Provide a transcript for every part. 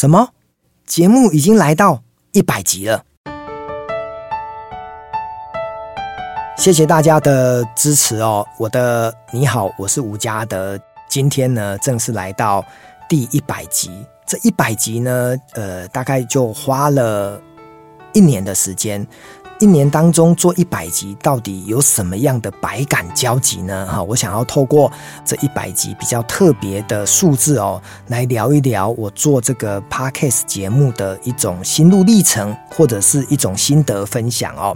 什麼！節目已經來到一百集了？謝謝大家的支持哦！我的你好，我是吳家德，今天呢，正式來到第一百集。這一百集呢，呃，大概就花了一年的時間。一年當中做一百集，到底有什麼樣的百感交集呢？哈，我想要透過這一百集比較特別的數字哦，來聊一聊我做這個 Podcast 節目的一種心路歷程，或者是一種心得分享哦。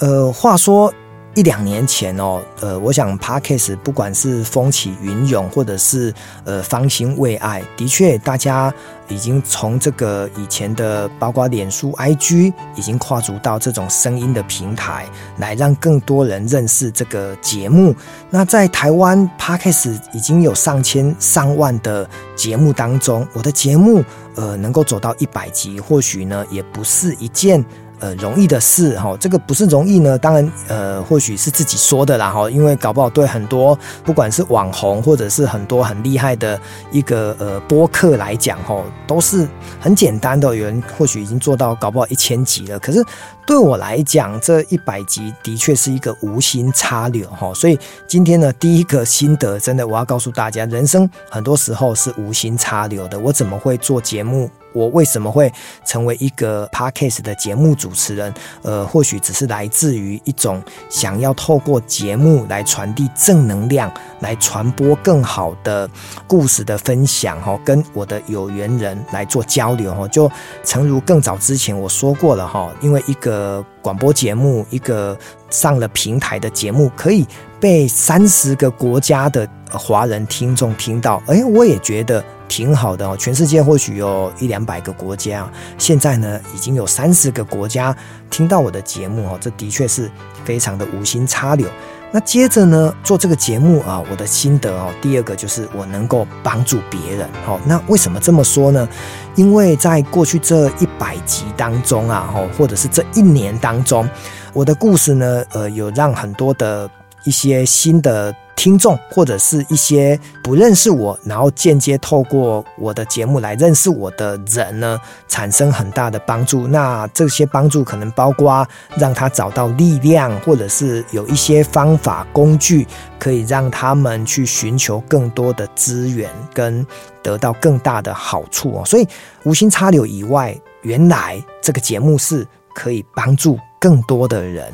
呃，話說。一兩年前哦，呃，我想 Podcast 不管是風起雲湧，或者是呃方興未艾，的確，大家已經從這個以前的，包括臉書 IG，已經跨足到這種聲音的平台，來讓更多人認識這個節目。那在台灣 Podcast 已經有上千上萬的節目當中，我的節目呃能夠走到一百集，或許呢也不是一件。呃，容易的事哈，這個不是容易呢。當然，呃，或許是自己說的啦哈，因為搞不好對很多，不管是網紅或者是很多很厲害的一個呃播客來講哈，都是很簡單的。有人或許已經做到搞不好一千集了，可是對我來講，這一百集的確是一個無心插柳哈。所以今天呢，第一個心得，真的我要告訴大家，人生很多時候是無心插柳的。我怎麼會做節目？我為什麼會成為一個 podcast 的節目主持人？呃，或許只是來自於一種想要透過節目來傳遞正能量，來傳播更好的故事的分享，哈，跟我的有緣人來做交流，哈。就誠如更早之前我說過了，哈，因為一個廣播節目，一個上了平台的節目，可以被三十個國家的華人聽眾聽到。哎、欸，我也覺得。挺好的哦，全世界或許有一兩百個國家，現在呢已經有三十個國家聽到我的節目哦，這的確是非常的無心插柳。那接着呢做這個節目啊，我的心得哦，第二個就是我能夠幫助別人哦。那為什麼這麼說呢？因為在過去這一百集當中啊，哦，或者是這一年當中，我的故事呢，呃，有讓很多的一些新的。聽眾或者是一些不認識我，然後間接透過我的節目來認識我的人呢，產生很大的幫助。那這些幫助可能包括讓他找到力量，或者是有一些方法工具，可以讓他們去尋求更多的資源跟得到更大的好處哦。所以，無心插柳以外，原來這個節目是可以幫助更多的人。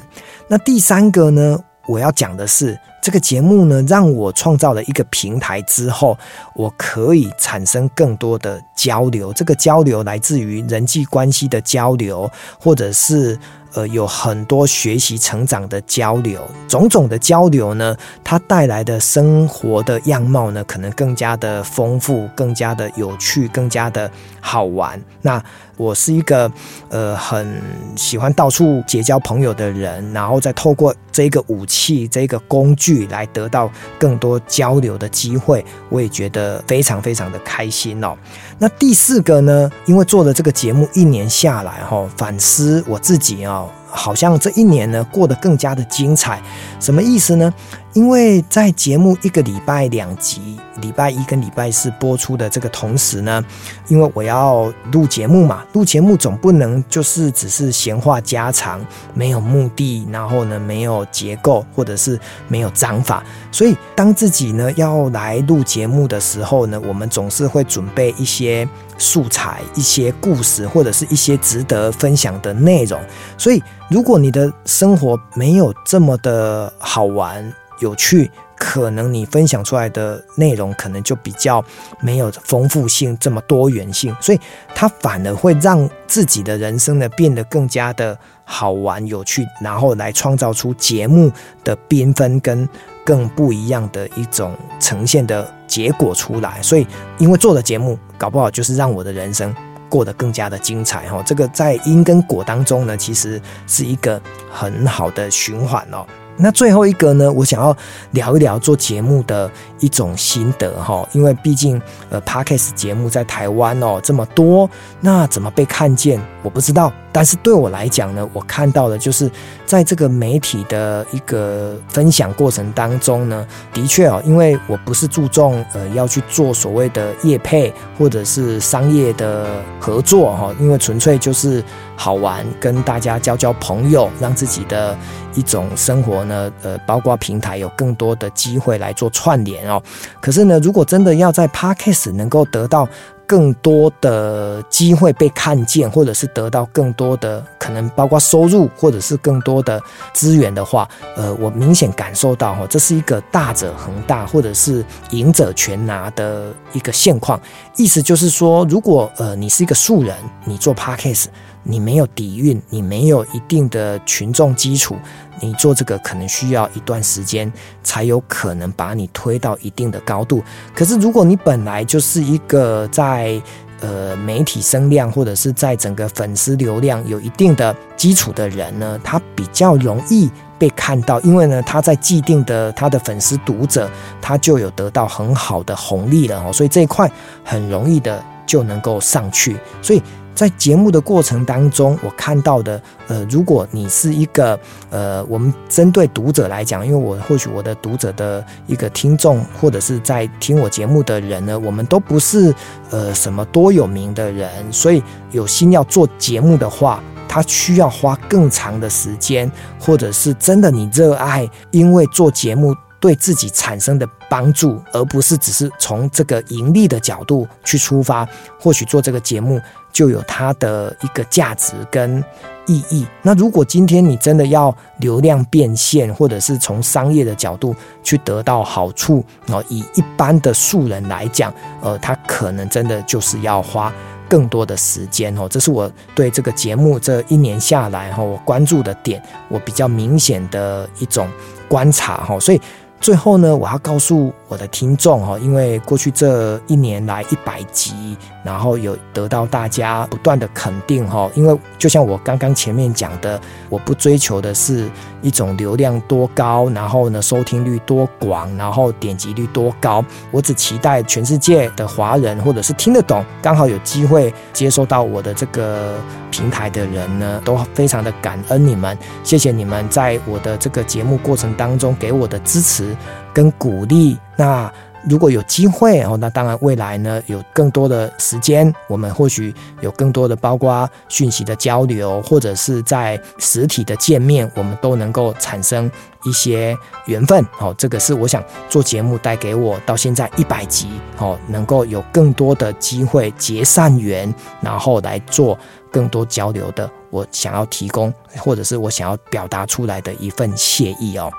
那第三個呢？我要講的是，這個節目呢，讓我創造了一個平台之後，我可以產生更多的交流。這個交流來自於人際關係的交流，或者是。呃，有很多學習成長的交流，種種的交流呢，它帶來的生活的樣貌呢，可能更加的豐富，更加的有趣，更加的好玩。那我是一個呃很喜歡到處結交朋友的人，然後再透過這個武器、這個工具來得到更多交流的機會，我也覺得非常非常的開心哦。那第四個呢？因為做了這個節目一年下來，哦，哈，反思我自己啊，哦。好像這一年呢過得更加的精彩，什麼意思呢？因為在節目一個禮拜兩集，禮拜一跟禮拜四播出的這個同時呢，因為我要錄節目嘛，錄節目總不能就是只是閒話家常，沒有目的，然後呢沒有結構或者是沒有章法，所以當自己呢要來錄節目的時候呢，我們總是會準備一些素材、一些故事或者是一些值得分享的內容，所以。如果你的生活沒有這麼的好玩有趣，可能你分享出來的內容可能就比較沒有豐富性，這麼多元性，所以它反而會讓自己的人生呢變得更加的好玩有趣，然後來創造出節目的繽紛跟更不一樣的一種呈現的結果出來。所以，因為做了節目搞不好就是讓我的人生。過得更加的精彩哈、哦，這個在因跟果當中呢，其實是一個很好的循環哦。那最後一個呢，我想要聊一聊做節目的一種心得哈，因為畢竟呃，podcast 節目在台灣哦這麼多，那怎麼被看見，我不知道。但是對我來講呢，我看到的就是在這個媒體的一個分享過程當中呢，的確哦，因為我不是注重呃要去做所謂的業配或者是商業的合作哈，因為純粹就是。好玩，跟大家交交朋友，讓自己的一種生活呢，呃，包括平台有更多的機會來做串聯哦。可是呢，如果真的要在 Podcast 能夠得到更多的機會被看見，或者是得到更多的可能包括收入，或者是更多的資源的話，呃，我明顯感受到哈、哦，這是一個大者恆大，或者是贏者全拿的一個現況。意思就是說，如果呃你是一個素人，你做 Podcast。你沒有底蘊，你沒有一定的群眾基礎，你做這個可能需要一段時間，才有可能把你推到一定的高度。可是，如果你本來就是一個在呃媒體聲量或者是在整個粉絲流量有一定的基礎的人呢，他比較容易被看到，因為呢他在既定的他的粉絲讀者，他就有得到很好的紅利了哦，所以這一塊很容易的，就能夠上去，所以在節目的過程當中，我看到的，呃，如果你是一個，呃，我們針對讀者來講，因為我或許我的讀者的一個聽眾，或者是在聽我節目的人呢，我們都不是呃什麼多有名的人，所以有心要做節目的話，他需要花更長的時間，或者是真的你熱愛，因為做節目。對自己產生的幫助，而不是只是從這個盈利的角度去出發，或許做這個節目就有它的一個價值跟意義。那如果今天你真的要流量變現，或者是從商業的角度去得到好處，然後以一般的素人來講，呃，他可能真的就是要花更多的時間哦。這是我對這個節目這一年下來哈，我關注的點，我比較明顯的一種觀察哈，所以。最後呢，我要告訴我的聽眾哈，因為過去這一年來一百集，然後有得到大家不斷的肯定哈。因為就像我剛剛前面講的，我不追求的是一種流量多高，然後呢，收聽率多廣，然後點擊率多高。我只期待全世界的華人或者是聽得懂，剛好有機會接收到我的這個平台的人呢，都非常的感恩你們，謝謝你們在我的這個節目過程當中給我的支持跟鼓勵，那如果有機會哦，那當然未來呢，有更多的時間，我們或許有更多的包括訊息的交流，或者是在實體的見面，我們都能夠產生一些緣分哦。這個是我想做節目帶給我到現在一百集哦，能夠有更多的機會結善緣，然後來做更多交流的，我想要提供或者是我想要表達出來的一份謝意哦。